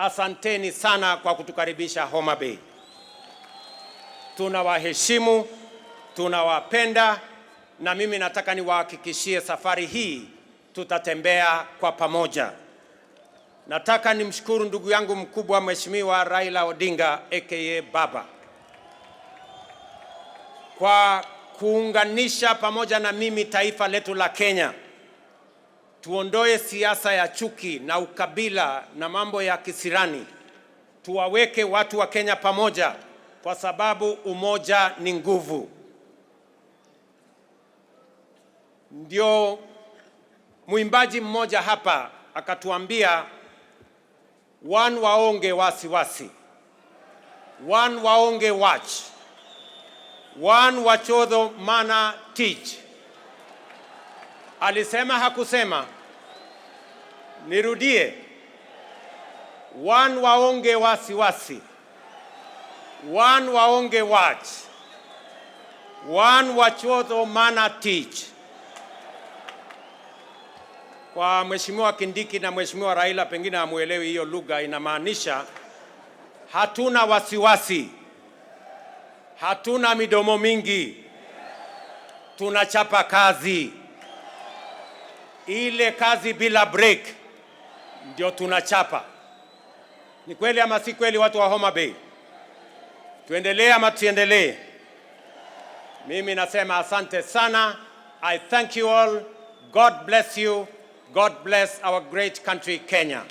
asanteni sana kwa kutukaribisha Homa Bay. Tunawaheshimu, tunawapenda, na mimi nataka niwahakikishie safari hii tutatembea kwa pamoja. Nataka nimshukuru ndugu yangu mkubwa Mheshimiwa Raila Odinga aka Baba kwa kuunganisha pamoja na mimi taifa letu la Kenya Tuondoe siasa ya chuki na ukabila na mambo ya kisirani, tuwaweke watu wa Kenya pamoja, kwa sababu umoja ni nguvu. Ndio mwimbaji mmoja hapa akatuambia, wan waonge wasiwasi, wan waonge wach, wan wachodho mana teach. Alisema hakusema Nirudie, wan waonge wasiwasi, wan waonge wach, wan wachodho mana teach. Kwa Mheshimiwa Kindiki na Mheshimiwa Raila, pengine amuelewi hiyo lugha. Inamaanisha hatuna wasiwasi, hatuna midomo mingi, tunachapa kazi ile kazi bila break ndio tunachapa. Ni kweli ama si kweli, watu wa Homa Bay? Tuendelee ama tuendelee? Mimi nasema asante sana. I thank you all. God bless you. God bless our great country Kenya.